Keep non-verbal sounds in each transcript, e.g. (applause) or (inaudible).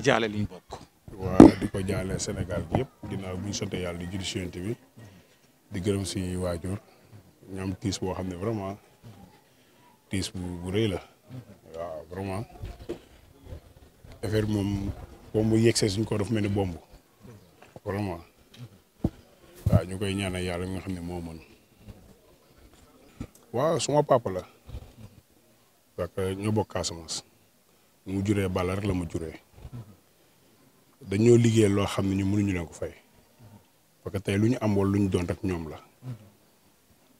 a jaale li ñu bokk. waa di ko jaale Sénégal bi yëpp ginnaaw bi ñu sant yàlla di judi siyent bi di gërëm si waajur ñu am tiis boo xam ne vraiment tiis bu bu rëy la waaw vraiment affaire bi moom bomb yegsee suñ ko daf mel ni bomb vraiment waaw ñu koy ñaanal yàlla nga xam ne moo mën waaw suma papa la parce que bokk Casamance mu juree bala rek la mu juree dañoo liggéey loo xam ne ñu mënuñu leen ko fay parce que tey lu ñu am lu ñu doon rek ñoom la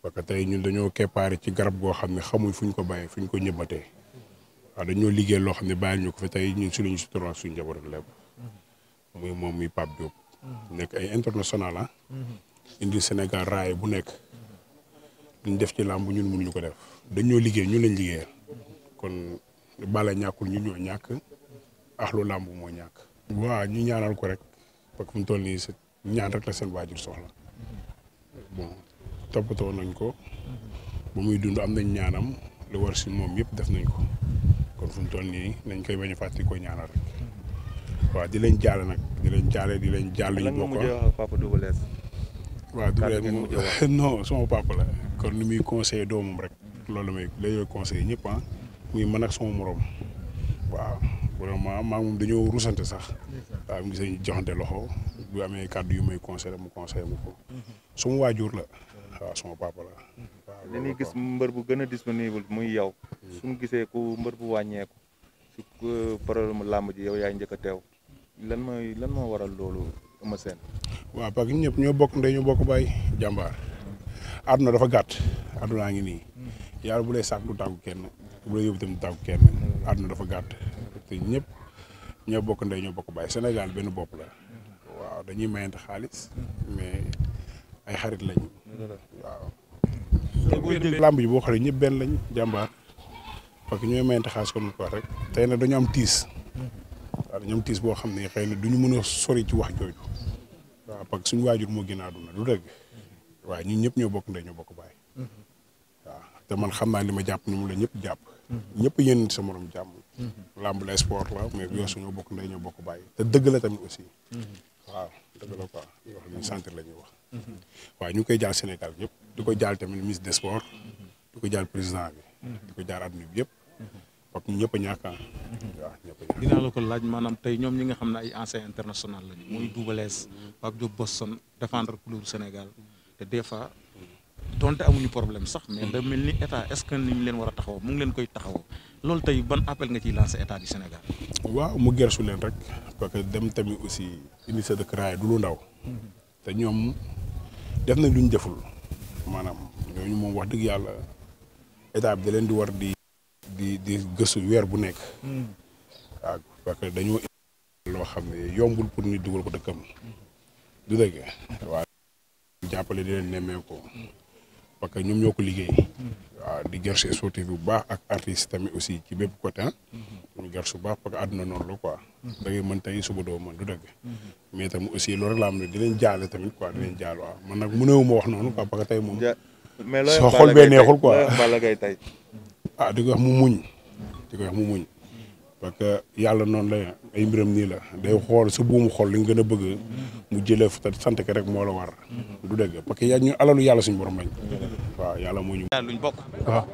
parce que tey ñun dañoo keppaari ci garab goo xam ne xamuñ fuñ ko bàyyee fuñ ko ñëbbatee waaw dañoo liggéey loo xam ne ba ñu ko fi tey ñun suñu sutura suñu njaboot ak lépp muy moom muy Pape Diop. nekk ay international ah. indi Sénégal raay bu nekk. duñ def ci làmb ñun mënuñu ko def dañoo liggéey ñu lañ liggéeyal kon bala ñàkkul ñu ñoo ñàkk axlu làmb moo ñàkk. waaw ñu ñaanal ko rek parce mu toll nii sa ñaan rek la seen waajur soxla bon toppatoo nañ ko ba muy dund am nañ ñaanam lu war si moom yëpp def nañ ko kon fu mu toll nii nañ koy bañ a fàttali ko ñaanal rek waaw di leen jaale nag di leen jaale di leen jaal ñu bokk waaw du (laughs) non sama papa la kon lu muy conseillé doomam rek loolu may la yooyu conseillé ñëpp ah muy man ak sama morom waaw ma maa moom dañoo rusante sax waaw mu gisee joxante loxo bu amee kàddu yu may conseillé mu conseillé mu ko suma waajur la waaw suma papa la waaw dañuy gis mbër bu gën a disponible muy yow suñu gisee ku mbër bu wàññeeku su problème làmb ji yow yaay njëkk a teew lan mooy lan moo waral loolu Eumeu Sène waaw ñëpp ñoo bokk ndey ñoo bokk bàyyi jàmbaar àdduna dafa gàtt àddunaa ngi nii hmm. yàlla bu lay sàkk du tàggu kenn bu lay yóbbu du tàggu kenn àdduna dafa gàtt te ñëpp ñoo bokk ndey ñoo bokk bàyyi Sénégal benn bopp la waaw dañuy mayante xaalis mais ay xarit lañ waaw. làmb yi boo xoolee ñëpp benn lañ jàmbaar parce que ñooy mayante xaalis comme ni ko rek. tey nag dañu am tiis. waaw dañu am tiis boo xam ne xëy na duñu mën a sori ci wax jooju. waaw parce que suñu waajur moo génn àdduna du dëgg. waaw ñun ñëpp ñoo bokk ndey ñoo bokk bàyyi. waaw te man xam naa li ma jàpp ni la ñëpp jàpp. ñëpp yéen sa morom jàmm. làmb la sport la mais bu yoosu ñoo bokk ndey ñoo bokk bàyyi te dëgg la tamit aussi. waaw ñu ngi koy jaal Sénégal yëpp di ko jaal tamit ministre de sports. di ko jaal président bi. di ko jaal adduna bi yëpp. parce que ñëpp a a ñàkk dinaa la ko laaj maanaam tey ñoom ñi nga xam ne ay anciens international lañu. muy Double Less Pape Diop Boston défendre couleur Sénégal te des donte amuñu problème sax mais da mel ni état est-ce que ni ñu leen war a taxaw mu ngi leen koy taxaw loolu tey ban appel nga ciy lancer état du Sénégal. waaw mu gersu leen rek parce que dem tamit aussi initiative de CRA du lu ndaw. te ñoom def nañ lu ñu deful maanaam ñooñu moom wax dëgg yàlla état bi leen di war di di di gëstu weer bu nekk. Hmm. waaw parce que dañoo loo xam ne yombul pour nit dugal ko dëkkam. Hmm. du dëgg. waaw jàppale di leen nemmee ko parce que ñoom ñoo ko liggéey waaw di gersu sportif bu baax ak artiste tamit aussi ci bépp côté ah. ñu gersu bu baax parce que àdduna noonu la quoi da ngay mën tey suba doo mën du dëgg mais tamit aussi loolu la am ne dinañ jaale tamit quoi dinañ jaal waaw man nag mënewuma wax noonu quoi parce que tey moom soo xol bee neexul quoi Balla Gaye tey ah di ko wax mu muñ di ko wax mu muñ parce que yàlla noonu la ay mbiram nii la day xool sa buumu xool li nga gën a bëgg mu jëlee fa sant ko rek moo la war du dëgg parce que yaa ñu alalu yàlla suñu borom lañ waaw yàlla moo ñu. luñ bokk. waaw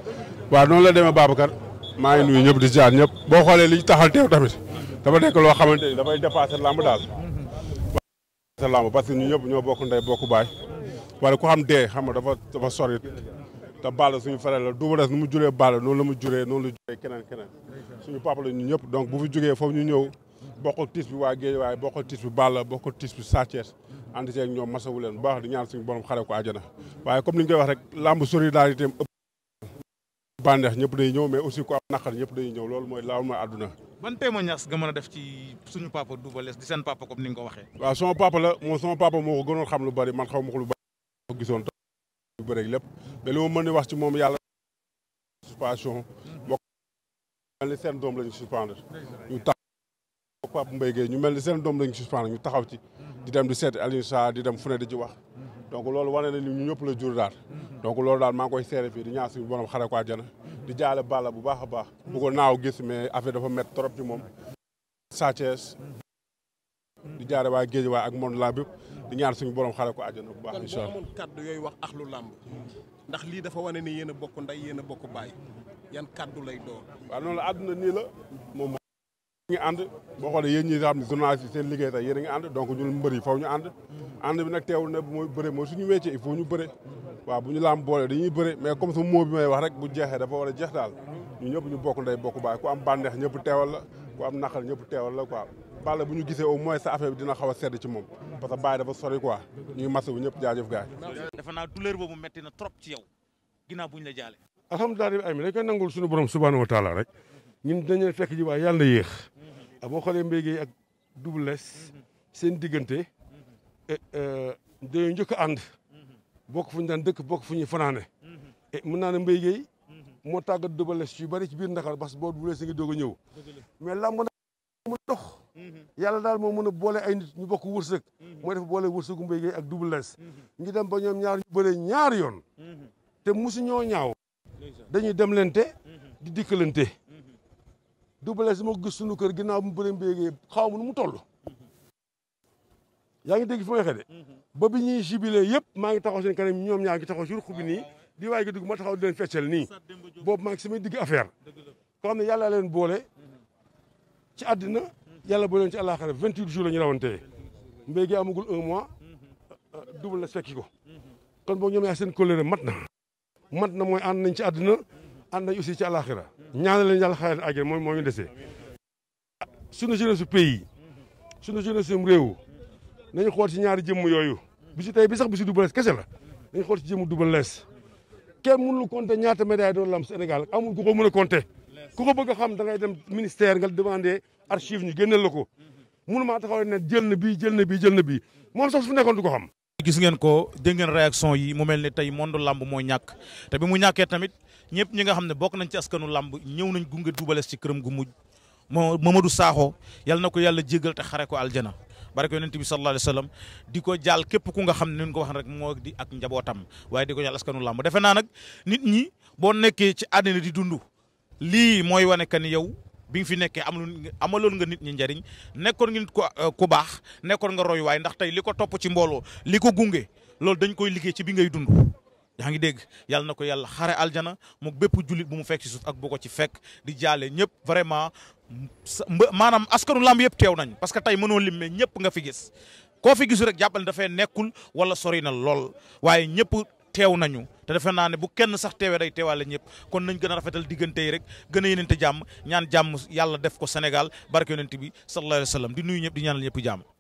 waaw noonu la demee Babacar maa ngi nuyu ñëpp di ziar ñëpp boo xoolee li taxal teew tamit dafa nekk loo xamante ni dafay dépassé làmb daal. waaw làmb parce que ñu ñëpp ñoo bokk ndey bokk baay wala ku xam dee xam nga dafa dafa sori te Balla suñu frère la Double nu mu juree baala noonu la mu juree noonu la juree keneen keneen suñu papa ñëpp donc bu fi jugee foofu ñu ñëw bokkul tiis bi waa Guèye waaye bokkul tiis bi Balla bokkul tiis bi Sa Thiès ànd ceeg ñoom masawu leen bu baax di ñaan suñu borom xare ko àjjana waaye comme ni koy wax rek làmb solidarité am ëpp bànneex ñëpp day ñëw mais aussi ku am naqar ñëpp day ñëw loolu mooy laaw mooy àdduna ban témoignage nga a def ci suñu papa Double di seen papa comme ni nga ko waxee. waaw sama papa la moom sama papa moo ko gënoon xam lu bari man xaw ma ko lu bari ko gisoon lépp mais li ma mën a wax ci moom yàlla suspension. moo ko seen doom lañu suspendre Pape Mbaye Guèye ñu mel ni seen doom lañu suspendre ñu taxaw ci di dem di seet Alioune Sarr di dem fu di ci wax donc loolu wane na ñu ñëpp la jur daal donc loolu daal maa ngi koy seere fii di ñaan suñu ko àjjana di jaale Balla bu baax a baax bu ko naaw gis mais affaire dafa métti trop ci moom Sa Thiès di jaare waa géej waa ak monde lamb yëpp di ñaan suñu borom xare ko àjjana bu baax incha allah kon boo yooyu wax axlu làmb ndax lii dafa wane ni yéen a bokk ndey yéen a bokk baay yan kàddu lay doon waaw noonu àdduna nii la moom ñu ànd boo xoolee yéen ñi xam ne journaliste yi seen liggéey tey yéen a ngi ànd donc ñun mbër yi faw ñu ànd ànd bi nag teewul ne mooy bëre mooy suñu métier il faut ñu bëre waaw bu ñu laam boole dañuy bëre mais comme sama moo bi may wax rek bu jeexee dafa war a jeex daal ñu ñëpp ñu bokk ndey bokk baay ku am bànneex ñëpp teewal la ku am naqar ñëpp teewal la quoi Balla bu ñu gisee au moins sa affaire bi dina xaw a sedd ci moom parce que Baye dafa sori quoi ñu ngi masawu ñëpp jaajëf gaay dafa naa douleur boobu metti na trop ci yow ginnaaw bu ñu la jaale alhamdulilah ay mi dañ koy nangul suñu borom subhanahu wa taala rek ñun dañu fekk ji waaye yàlla na yéex ah boo xoolee Mbaye ak Double seen diggante eh, eh, dañoo njëkk a ànd bokk fu ñu daan dëkk bokk fu ñuy fanaane et eh, mën naa ne Mbaye moo tàggat Double Less yu bari ci biir Ndakaaru parce que boo Double Less ngi ñëw mais làmb na mu yàlla daal moo mën a boole ay nit ñu bokk wërsëg mooy def boole wërsëgu ak Double ñu dem ba ñoom ñaar ñu bëree ñaar yoon te mosu ñoo ñaaw dañuy demlante di dikkalante Double Less ma gis sunu kër ginnaaw mu bëri mbéyee xaw ma nu mu toll. yaa ngi dégg fi may mm-hmm. ba bi ñuy jubilé yëpp maa ngi taxaw seen kanam ñoom ñaa ngi taxaw si ruq bi nii di waay gi taxaw di leen feccal nii boobu maa ngi samay digg affaire. koo xam ne yàlla leen boole mm-hmm. ci àddina yàlla boole leen ci àllaaxira 28 jours la ñu rawantee mm-hmm. mbéy gi amagul mois euh, euh, Double Less fekki ko kon boog ñoom yaa seen kóllëre mat na. mat na mooy ànd nañ ci àddina ànd ak aussi ci àllaaxira ñaanal leen yàlla xayal àjjana mooy moo ñu desee suñu jeunesse su pays suñu jeunesse su réew nañu xool ci ñaari jëmm yooyu bi si tey bi sax bi si Double Less kese la dañu xool ci jëmm Double Less kenn mënul compter ñaata médaille doon lam Sénégal amul ku ko mën a ku ko bëgg xam da ngay dem ministère nga demandé archive ñu génneel la ko mënu maa taxaw ne jël na bii jël na bii jël na bii moom sax su nekkoon du ko xam gis ngeen ko dégg ngeen réaction yi mu mel ne tey monde lamb moo ñàkk te bi mu ñàkkee tamit ñëpp ñi nga xam ne bokk nañ ci askanu làmb ñëw nañ gunge duubalees ci këram gu mujj moo Mamadou Sakho yal na ko yàlla jéggal te xare ko aljana barke yonent bi sallallahu alayhi wa sallam di ko jaal képp ku nga xam ne ni ko wax rek moo di ak njabootam waaye di ko jaal askanu làmb defe naa nag nit ñi boo nekkee ci àddina di dund lii mooy wane que ni yow bi fi nekkee am lu amaloon nga nit ñi njariñ nekkoon nga nit ku euh, baax nekkoon nga roy waaye ndax tey li ko topp ci mbooloo li ko gunge loolu dañ koy liggéey ci bi ngay dund yaa ngi dégg yàlla na ko yàlla xare aljana mu bépp jullit bu mu fekk ci suuf ak bu ko ci fekk di jaale ñëpp vraiment maanaam askanu lamb yëpp teew nañ parce que tey mënoo lim mais ñëpp nga fi gis koo fi rek jàppale ne dafay nekkul wala sori na lool waaye ñëpp teew nañu te defe naa ne bu kenn sax teewee day teewaale ñëpp kon nañ gën a rafetal diggante yi rek gën a yéeneente jàmm ñaan jàmm yàlla def ko Sénégal barke yonent bi sallallahu alayhi wa sallam di nuyu ñëpp di ñaanal ñëpp jàmm